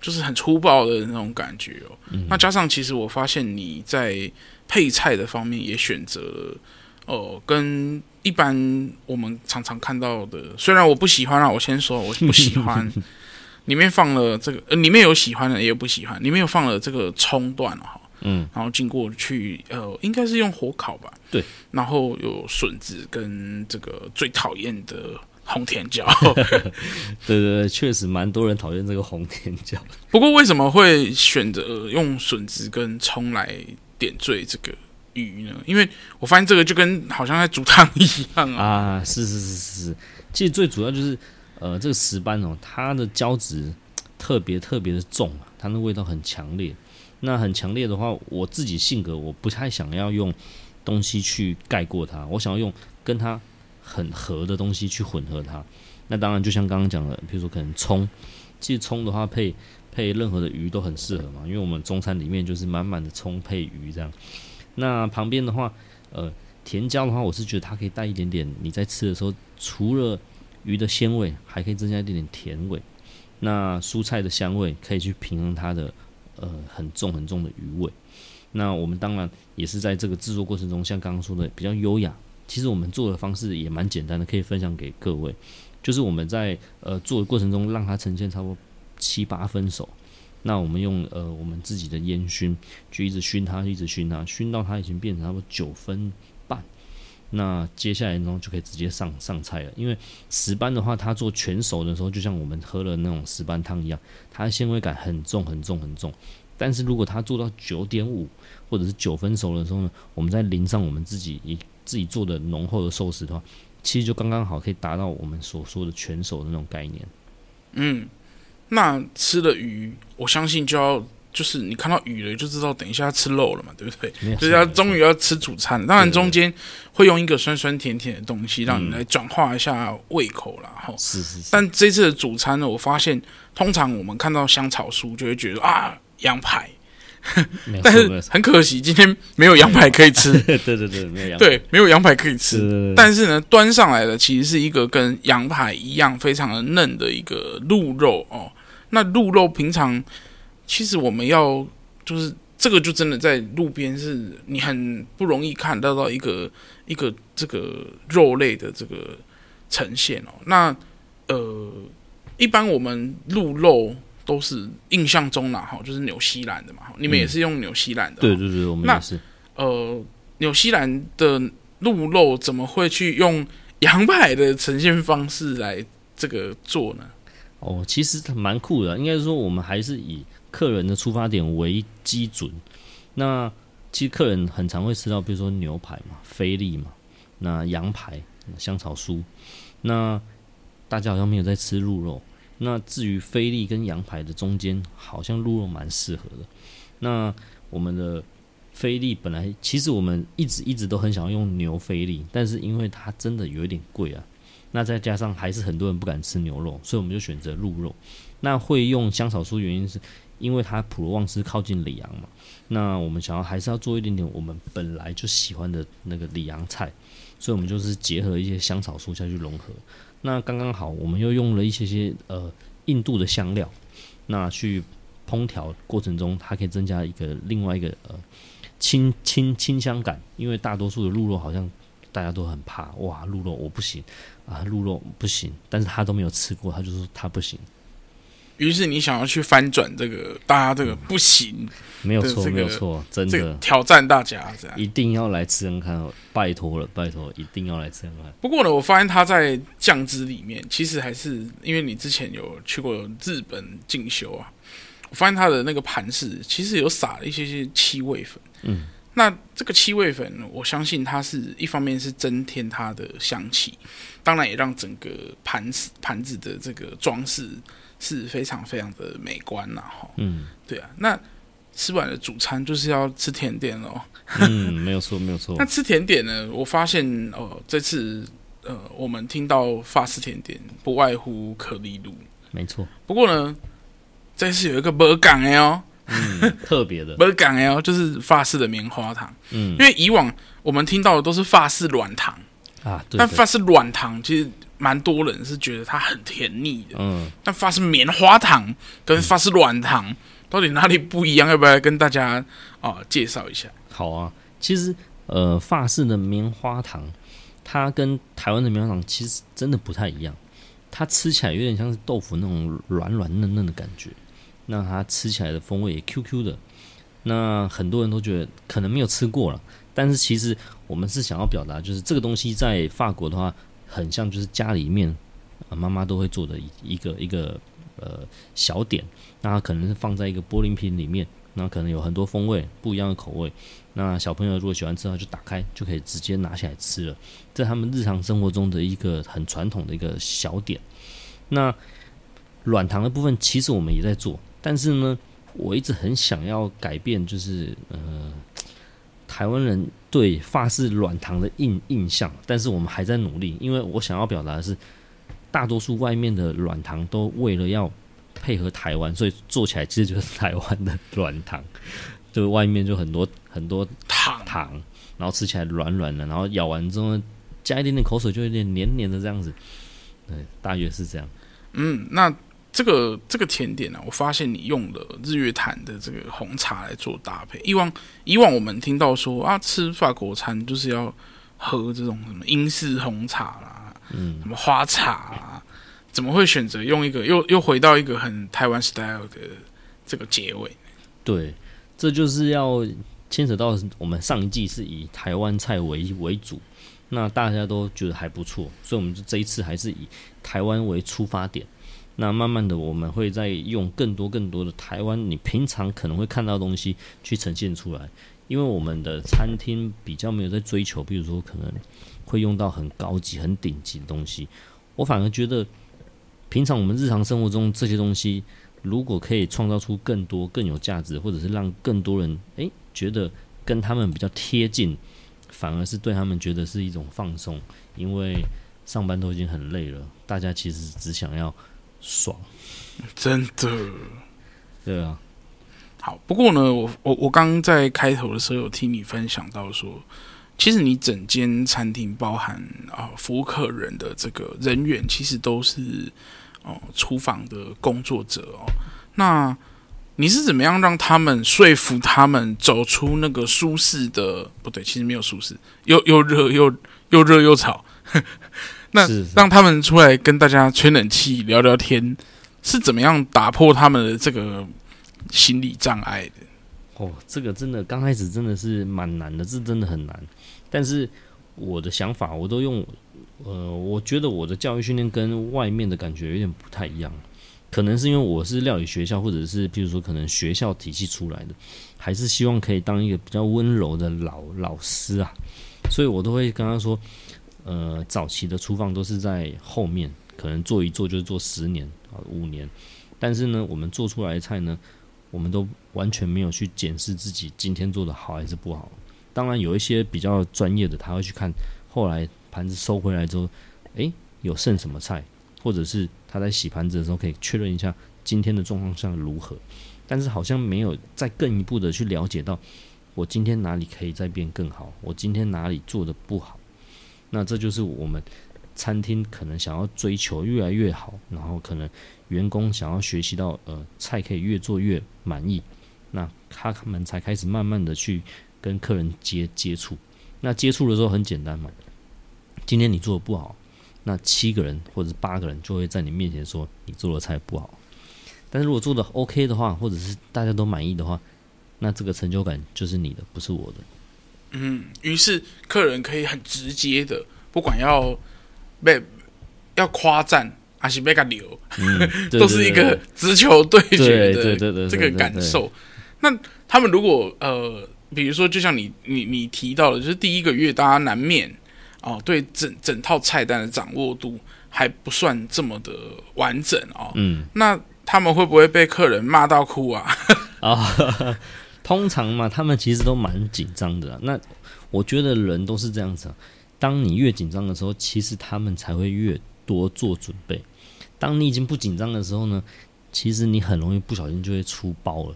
就是很粗暴的那種感覺哦、嗯。那加上其實我發現你在配菜的方面也選擇。哦、呃，跟一般我們常常看到的，雖然我不喜歡啊，我先說我不喜歡， 裡面放了這個、呃，裡面有喜歡的，也有不喜歡，裡面有放了這個蔥段哦，哈，嗯，然後經過去呃，應該是用火烤吧，對，然後有筍子跟這個最討厭的紅甜椒， 對對對，確實蠻多人討厭這個紅甜椒，不過為什麼會選擇用筍子跟蔥來點綴這個？魚呢？因為我發現這個就跟好像在煮湯一樣啊，啊！是是是是是，其實最主要就是，呃，這個石斑哦，它的膠質特別特別的重，它的味道很強烈。那很強烈的話，我自己性格我不太想要用東西去蓋過它，我想要用跟它很合的東西去混合它。那當然，就像剛剛講的，比如說可能蔥，其實蔥的話配配任何的魚都很適合嘛，因為我們中餐裡面就是滿滿的蔥配魚這樣。那旁邊的話，呃，甜椒的話，我是覺得它可以帶一點點，你在吃的時候，除了魚的鮮味，還可以增加一點點甜味。那蔬菜的香味可以去平衡它的，呃，很重很重的魚味。那我們當然也是在這個製作過程中，像剛剛說的比較優雅。其實我們做的方式也蠻簡單的，可以分享給各位，就是我們在呃做的過程中，讓它呈現差不多七八分熟。那我們用呃，我們自己的煙燻，就一直燻它，一直燻它，燻到它已經變成差不多九分半。那接下來呢，就可以直接上上菜了。因為石斑的話，它做全熟的時候，就像我們喝了那種石斑湯一樣，它的纖維感很重、很重、很重。但是如果它做到九點五或者是九分熟的時候呢，我們再淋上我們自己一自己做的濃厚的壽司的話，其實就剛剛好可以達到我們所說的全熟的那種概念。嗯。那吃了魚，我相信就要就是你看到魚了就知道等一下要吃肉了嘛，對不對？就是要終於要吃主餐了，當然中間會用一個酸酸甜甜的東西，對對對，讓你來轉化一下胃口啦。吼、嗯。哦、是，是是。但這次的主餐呢，我發現通常我們看到香草酥就會覺得啊，羊排 但是很可惜今天沒有羊排可以吃。 對對對，對，沒有羊排可以吃。但是呢，端上來的其實是一個跟羊排一樣非常的嫩的一個鹿肉哦。那鹿肉平常，其實我們要就是這個，就真的在路邊是你很不容易看得到一個一個這個肉類的這個呈現哦。那呃，一般我們鹿肉都是印象中啦，哈，就是紐西蘭的嘛，你們也是用紐西蘭的，嗯，對對對，我們也是。那。呃，紐西蘭的鹿肉怎麼會去用羊排的呈現方式來這個做呢？哦，其實蠻酷的，應該是說我們還是以客人的出發點為基準。那其實客人很常會吃到，比如說牛排嘛、菲力嘛、那羊排、香草酥。那大家好像沒有在吃鹿肉。那至於菲力跟羊排的中間，好像鹿肉蠻適合的。那我們的菲力本來其實我們一直一直都很想要用牛菲力，但是因為它真的有一點貴啊。那再加上還是很多人不敢吃牛肉，所以我們就選擇鹿肉。那會用香草酥，原因是因為它普羅旺斯靠近裡昂嘛。那我們想要還是要做一點點我們本來就喜歡的那個裡昂菜，所以我們就是結合一些香草酥下去融合。那剛剛好，我們又用了一些些呃印度的香料，那去烹調過程中它可以增加一個另外一個呃清清清香感，因為大多數的鹿肉好像大家都很怕哇，鹿肉我不行。啊，鹿肉不行，但是他都沒有吃過，他就說他不行。於是你想要去翻轉這個，大家這個、嗯、不行，沒有錯，就是這個、沒有錯，真的、這個、挑戰大家這樣，一定要來吃人看，拜託了，拜託，一定要來吃人看。不過呢，我發現他在醬汁裡面，其實還是因為你之前有去過日本進修啊，我發現他的那個盤飾其實有撒一些些七味粉，嗯。那這個七味粉，我相信它是一方面是增添它的香氣，當然也讓整個盤子，盤子的這個裝飾是非常非常的美觀吶，哈。嗯，對啊。那吃完了主餐就是要吃甜點嘍。嗯， 沒有錯，沒有錯。那吃甜點呢？我發現哦、呃，這次呃，我們聽到法式甜點不外乎可麗露，沒錯。不過呢，這次有一個沒講的嗯、特別的， 不是港 L，就是法式的棉花糖。嗯，因為以往我們聽到的都是法式軟糖啊，對，對，但法式軟糖其實蠻多人是覺得它很甜膩的。嗯，但法式棉花糖跟法式軟糖到底哪裡不一樣？嗯、要不要跟大家啊介紹一下？好啊，其實呃，法式的棉花糖它跟台灣的棉花糖其實真的不太一樣，它吃起來有點像是豆腐那種軟軟嫩嫩的感覺。那它吃起來的風味也 QQ 的，那很多人都覺得可能沒有吃過了，但是其實我們是想要表達，就是這個東西在法國的話，很像就是家裡面媽媽都會做的一個一個呃小點，那可能是放在一個玻璃瓶裡面，那可能有很多風味不一樣的口味，那小朋友如果喜歡吃的話，就打開就可以直接拿起來吃了，在他們日常生活中的一個很傳統的一個小點。那軟糖的部分，其實我們也在做。但是呢，我一直很想要改變，就是呃，台灣人對法式軟糖的印印象。但是我們還在努力，因為我想要表達的是，大多數外面的軟糖都為了要配合台灣，所以做起來其實就是台灣的軟糖。就外面就很多很多糖，然後吃起來軟軟的，然後咬完之後呢，加一點點口水，就有點黏黏的這樣子。對，大約是這樣。嗯，那。這個這個甜點呢、啊，我發現你用了日月潭的這個紅茶來做搭配。以往以往我們聽到說啊，吃法國餐就是要喝這種什麼英式紅茶啦，嗯，什麼花茶啦，啊，怎麼會選擇用一個又又回到一個很台灣 style 的這個結尾？對，這就是要牽扯到我們上一季是以台灣菜為為主，那大家都覺得還不錯，所以我們就這一次還是以台灣為出發點。那慢慢的，我們會再用更多更多的台灣你平常可能會看到的東西去呈現出來，因為我們的餐廳比較沒有在追求，比如說可能會用到很高級、很頂級的東西。我反而覺得，平常我們日常生活中這些東西，如果可以創造出更多更有價值，或者是讓更多人誒、欸、覺得跟他們比較貼近，反而是對他們覺得是一種放鬆，因為上班都已經很累了，大家其實只想要。爽，真的，對啊。好，不過呢，我我我剛在開頭的時候有聽你分享到說，其實你整間餐廳包含啊、呃、服務客人的這個人員，其實都是哦、呃、廚房的工作者哦。那你是怎麼樣讓他們說服他們走出那個舒適的？不對，其實沒有舒適，又又熱又又熱又吵。 那讓他們出來跟大家吹冷氣聊聊天，是怎麼樣打破他們的這個心理障礙的？哦，這個真的剛開始真的是蠻難的，這真的很難。但是我的想法，我都用呃，我覺得我的教育訓練跟外面的感覺有點不太一樣，可能是因為我是料理學校，或者是譬如說可能學校體系出來的，還是希望可以當一個比較溫柔的老老師啊，所以我都會跟他說。呃，早期的廚房都是在後面，可能做一做就是做十年啊五年。但是呢，我們做出來的菜呢，我們都完全沒有去檢視自己今天做的好還是不好。當然，有一些比較專業的，他會去看後來盤子收回來之後，哎、欸，有剩什麼菜，或者是他在洗盤子的時候可以確認一下今天的狀況下如何。但是好像沒有再更一步的去了解到，我今天哪裡可以再變更好，我今天哪裡做的不好。那這就是我們餐廳可能想要追求越來越好，然後可能員工想要學習到呃菜可以越做越滿意，那他們才開始慢慢的去跟客人接接觸。那接觸的時候很簡單嘛，今天你做的不好，那七個人或者是八個人就會在你面前說你做的菜不好。但是如果做的 OK 的話，或者是大家都滿意的話，那這個成就感就是你的，不是我的。嗯，於是客人可以很直接的，不管要被要誇讚還是被個留，都是一個直球對決的對對對對對對這個感受。對對對對對，那他們如果呃，比如說就像你你你提到的，就是第一個月大家難免哦、呃，對整整套菜單的掌握度還不算這麼的完整哦、呃嗯。嗯，那他們會不會被客人罵到哭啊？啊、哦！通常嘛，他們其實都蠻緊張的。那我覺得人都是這樣子啊，當你越緊張的時候，其實他們才會越多做準備。當你已經不緊張的時候呢，其實你很容易不小心就會出包了。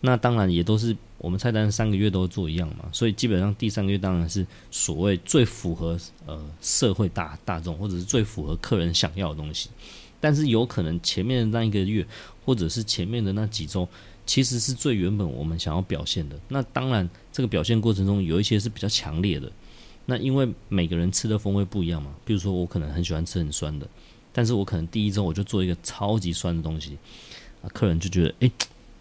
那當然也都是我們菜單三個月都做一樣嘛，所以基本上第三個月當然是所謂最符合呃社會大大眾，或者是最符合客人想要的東西。但是有可能前面的那一個月，或者是前面的那幾週。其實是最原本我們想要表現的。那當然，這個表現過程中有一些是比較強烈的。那因為每個人吃的風味不一樣嘛，比如說我可能很喜歡吃很酸的，但是我可能第一周我就做一個超級酸的東西，客人就覺得哎、欸，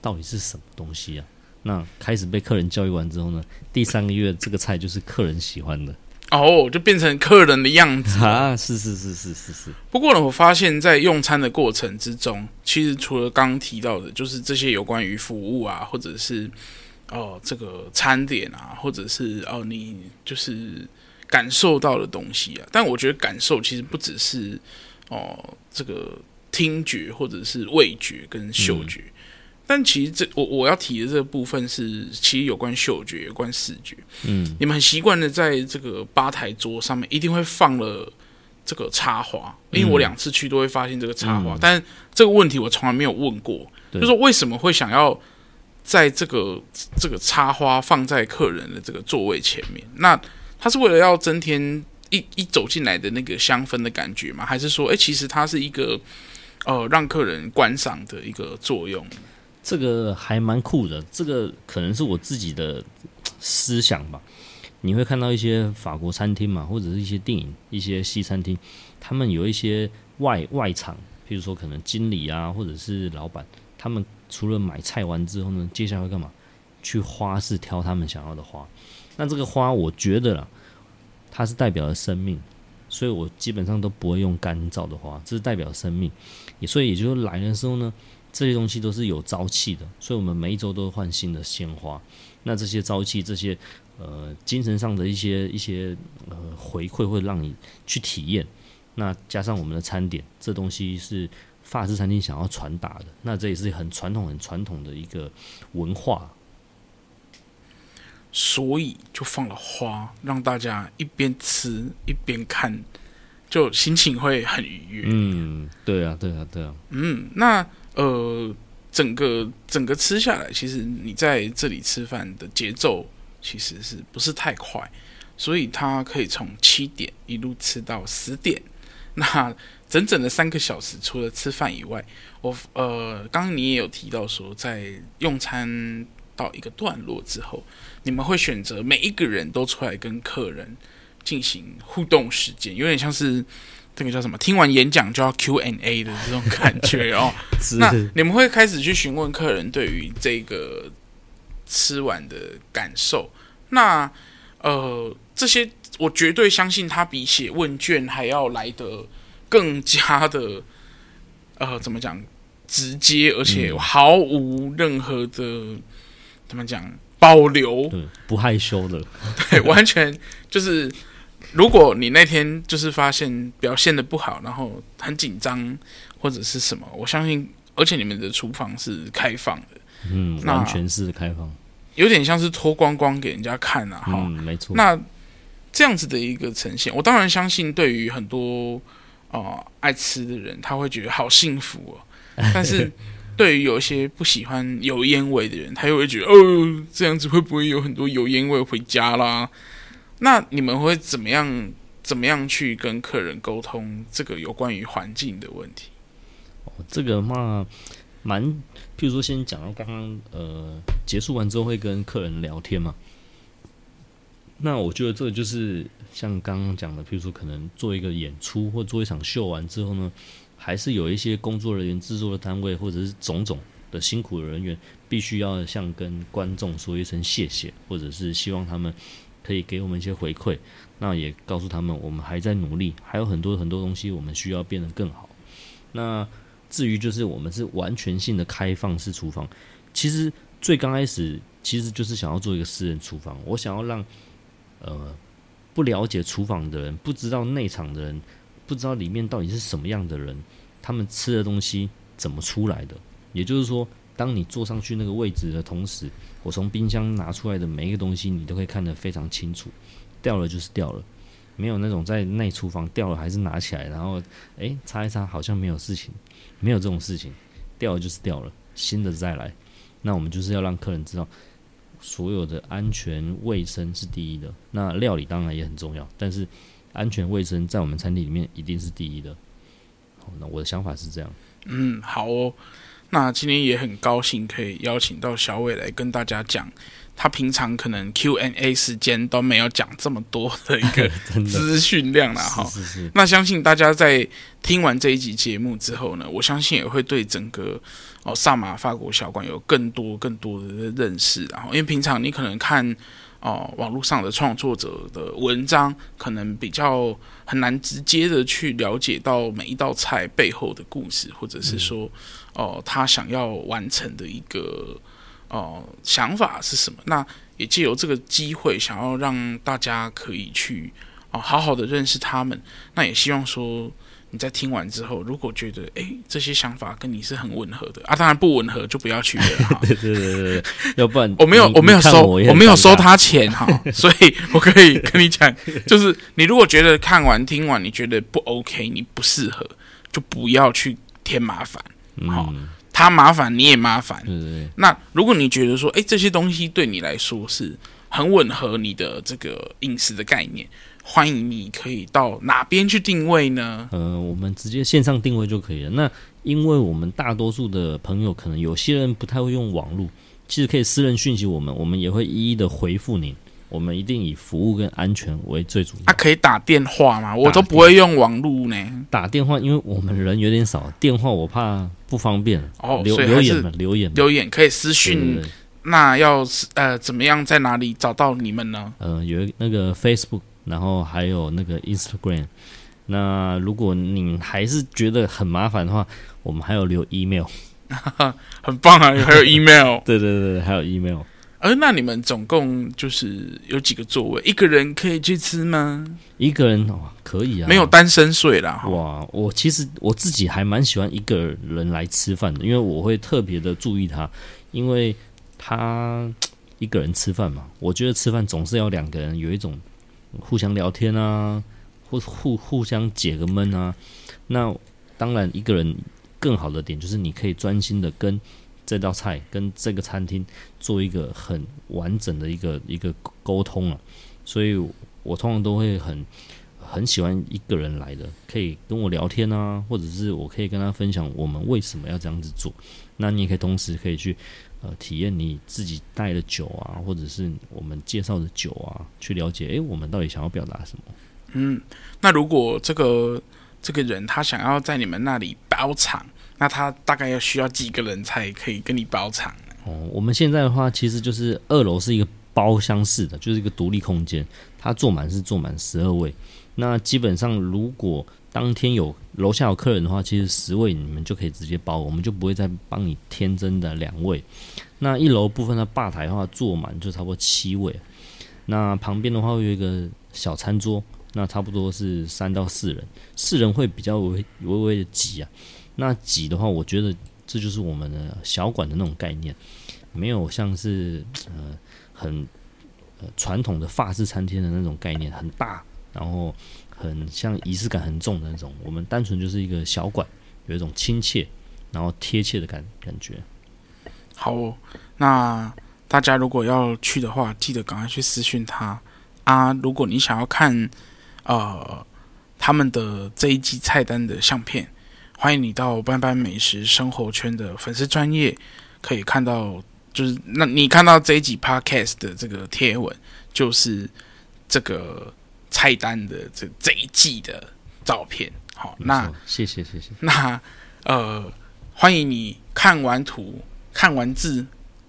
到底是什麼東西啊？那開始被客人教育完之後呢，第三個月這個菜就是客人喜歡的。哦，就變成客人的樣子啊！是是是是是是。不過呢，我發現，在用餐的過程之中，其實除了剛剛提到的，就是這些有關於服務啊，或者是哦，這個餐點啊，或者是哦，你就是感受到的東西啊。但我覺得感受其實不只是哦，這個聽覺，或者是味覺跟嗅覺。嗯但其實這我我要提的這個部分是，其實有關嗅覺、有關視覺。嗯，你們很習慣的在這個吧台桌上面一定會放了這個插花，嗯、因為我兩次去都會發現這個插花。嗯、但這個問題我從來沒有問過，就是說為什麼會想要在這個這個插花放在客人的這個座位前面？那它是為了要增添一一走進來的那個香氛的感覺嗎？還是說，哎、欸，其實它是一個呃讓客人觀賞的一個作用？這個還蠻酷的，這個可能是我自己的思想吧。你會看到一些法國餐廳嘛，或者是一些電影、一些西餐廳，他們有一些外外場，譬如說可能經理啊，或者是老闆，他們除了買菜完之後呢，接下來會幹嘛？去花市挑他們想要的花。那這個花，我覺得啦，它是代表了生命，所以我基本上都不會用乾燥的花，這是代表生命。也所以，也就是來的時候呢。這些東西都是有朝氣的，所以我們每一周都會換新的鮮花。那這些朝氣，這些呃精神上的一些一些、呃、回饋，會讓你去體驗。那加上我們的餐點，這東西是法式餐廳想要傳達的。那這也是很傳統、很傳統的一個文化。所以就放了花，讓大家一邊吃一邊看，就心情會很愉悅。嗯，對啊，對啊，對啊。嗯，那。呃，整個整個吃下來，其實你在這裡吃飯的節奏其實是不是太快，所以他可以從七點一路吃到十點，那整整的三個小時，除了吃飯以外，我呃，剛剛你也有提到說，在用餐到一個段落之後，你們會選擇每一個人都出來跟客人進行互動時間，有點像是。這個叫什麼？聽完演講就要 Q&A 的這種感覺哦。 是是，那是，是你們會開始去詢問客人對於這個吃完的感受？那呃，這些我絕對相信，他比寫問卷還要來得更加的呃，怎麼講直接，而且毫無任何的怎麼講保留，嗯，不害羞的， 對，完全就是。如果你那天就是發現表現得不好，然後很緊張或者是什麼，我相信，而且你們的廚房是開放的，嗯，那，完全是開放，有點像是脫光光給人家看啊，嗯、好，沒錯，那這樣子的一個呈現，我當然相信對於很多啊、呃、愛吃的人，他會覺得好幸福哦， 但是對於有些不喜歡油煙味的人，他又會覺得哦，這樣子會不會有很多油煙味回家啦？那你們會怎麼樣？怎麼樣去跟客人溝通這個有關於環境的問題？哦，這個嘛，蠻，譬如說先講到剛剛呃結束完之後會跟客人聊天嘛。那我覺得這個就是像剛剛講的，譬如說可能做一個演出或做一場秀完之後呢，還是有一些工作人員、製作的單位或者是種種的辛苦的人員，必須要向跟觀眾說一聲謝謝，或者是希望他們。可以給我們一些回饋，那也告訴他們，我們還在努力，還有很多很多東西我們需要變得更好。那至於就是我們是完全性的開放式廚房，其實最剛開始其實就是想要做一個私人廚房，我想要讓呃不了解廚房的人，不知道內場的人，不知道裡面到底是什麼樣的人，他們吃的東西怎麼出來的，也就是說。當你坐上去那個位置的同時，我從冰箱拿出來的每一個東西，你都會看得非常清楚。掉了就是掉了，沒有那種在內廚房掉了還是拿起來，然後誒、欸、擦一擦，好像沒有事情，沒有這種事情，掉了就是掉了，新的再來。那我們就是要讓客人知道，所有的安全衛生是第一的。那料理當然也很重要，但是安全衛生在我們餐廳裡面一定是第一的。好，那我的想法是這樣。嗯，好哦。那今天也很高興可以邀請到小為來跟大家講，他平常可能 Q&A 時間都沒有講這麼多的一個資訊量啦哈。那相信大家在聽完這一集節目之後呢，我相信也會對整個哦薩瑪法國小館有更多更多的認識，然後因為平常你可能看。哦，網絡上的創作者的文章可能比較很難直接的去了解到每一道菜背後的故事，或者是說，嗯、哦，他想要完成的一個哦想法是什麼。那也借由這個機會，想要讓大家可以去哦好好的認識他們。那也希望說。你在聽完之後，如果覺得哎、欸，這些想法跟你是很吻合的啊，當然不吻合就不要去哈。 對對對對 要不然我沒有我沒有收我，我沒有收他錢哈、 哦，所以我可以跟你講，就是你如果覺得看完聽完你覺得不 OK，你不適合，就不要去添麻煩好、嗯哦，他麻煩你也麻煩。嗯、那如果你覺得說哎、欸，這些東西對你來說是很吻合你的這個飲食的概念。歡迎，你可以到哪邊去定位呢？呃，我們直接線上定位就可以了。那因為我們大多數的朋友，可能有些人不太會用網絡，其實可以私人訊息我們，我們也會一一的回復您。我們一定以服務跟安全為最主要。那、啊、可以打電話嗎？我都不會用網絡呢。打電話，因為我們人有點少，電話我怕不方便。哦，留，所以還是留言，留言可以私訊對對對。那要呃怎麼樣，在哪裡找到你們呢？呃，有個那個 Facebook。然後還有那個 Instagram。那如果你還是覺得很麻煩的話，我們還有留 email， 很棒啊！還有 email， 對對對，還有 email。而那你們總共就是有幾個座位？一個人可以去吃嗎？一個人哦，可以啊，沒有單身睡單身稅啦。哇，我其實我自己還蠻喜歡一個人來吃飯的，因為我會特別的注意他，因為他一個人吃飯嘛，我覺得吃飯總是要兩個人，有一種。互相聊天啊，或互互相解個悶啊。那當然，一個人更好的點就是你可以專心的跟這道菜，跟這個餐廳做一個很完整的一個一個溝通了啊。所以我通常都會很很喜歡一個人來的，可以跟我聊天啊，或者是我可以跟他分享我們為什麼要這樣子做。那你也可以同時可以去，體驗你自己帶的酒啊，或者是我們介紹的酒啊，去了解哎，我們到底想要表達什麼？嗯，那如果這個這個人他想要在你們那裡包場，那他大概要需要幾個人才可以跟你包場？哦，我們現在的話，其實就是二樓是一個包廂式的，就是一個獨立空間，他坐滿是坐滿十二位。那基本上如果當天有樓下有客人的話，其實十位你們就可以直接包，我們就不會再幫你添增的兩位。那一樓部分的吧台的話，坐滿就差不多七位啊。那旁邊的話會有一個小餐桌，那差不多是三到四人，四人會比較微微微的擠啊。那擠的話，我覺得這就是我們的小館的那種概念，沒有像是呃很傳統的法式餐廳的那種概念，很大，然後很像儀式感很重的那種。我們單純就是一個小館，有一種親切，然後貼切的感感覺。好哦，那大家如果要去的話，記得趕快去私訊他啊！如果你想要看，呃，他們的這一季菜單的相片，歡迎你到班班美食生活圈的粉絲專頁可以看到，就是那你看到這一集 Podcast 的這個貼文，就是這個菜單的這這一季的照片。好，那謝謝謝謝。那呃，歡迎你看完圖。看完字，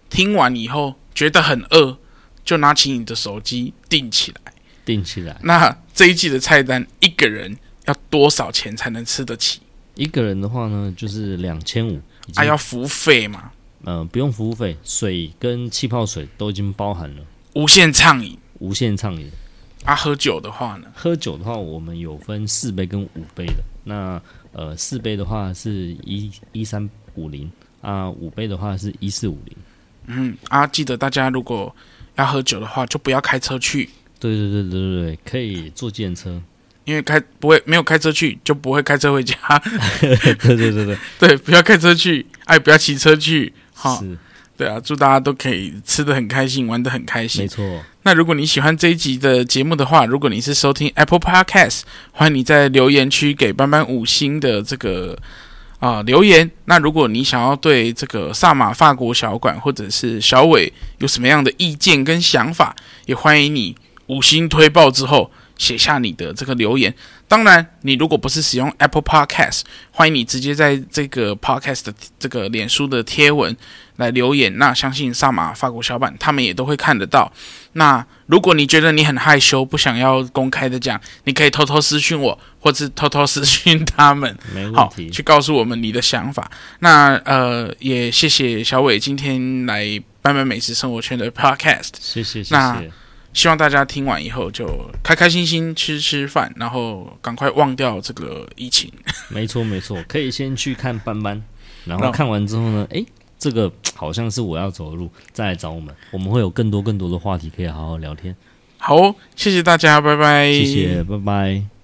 聽完以後覺得很餓，就拿起你的手機訂起來。訂起來。那這一季的菜單，一個人要多少錢才能吃得起？一個人的話呢，就是兩千五。啊，要服務費嗎？呃，不用服務費，水跟氣泡水都已經包含了。無限暢飲，無限暢飲。啊，喝酒的話呢？喝酒的話，我們有分四杯跟五杯的。那呃，四杯的話是一一三五零。啊，五杯的話是一四五零。嗯啊，記得大家如果要喝酒的話，就不要開車去。對對對對對對，可以坐電車，因為開不會沒有開車去，就不會開車回家。 對對對對，對，不要開車去，哎不要騎車去，好，對啊，祝大家都可以吃得很開心，玩得很開心，沒錯。那如果你喜歡這一集的節目的話，如果你是收聽 Apple Podcast，歡迎你在留言區給班班五星的這個。啊、呃，留言。那如果你想要對這個薩瑪法國小館或者是小偉有什麼樣的意見跟想法，也歡迎你五星推爆之後。寫下你的這個留言。當然，你如果不是使用 Apple Podcast，歡迎你直接在這個 Podcast 的這個臉書的貼文來留言。那相信薩瑪法國小館他們也都會看得到。那如果你覺得你很害羞，不想要公開的講，你可以偷偷私訊我，或是偷偷私訊他們，沒問題好去告訴我們你的想法。那呃，也謝謝小為今天來班班美食生活圈的 Podcast，謝謝謝謝。那希望大家聽完以後就開開心心吃吃飯，然後趕快忘掉這個疫情。沒錯沒錯，可以先去看班班，然後看完之後呢，誒，這個好像是我要走的路，再來找我們，我們會有更多更多的話題可以好好聊天。好哦，謝謝大家，拜拜，謝謝，拜拜。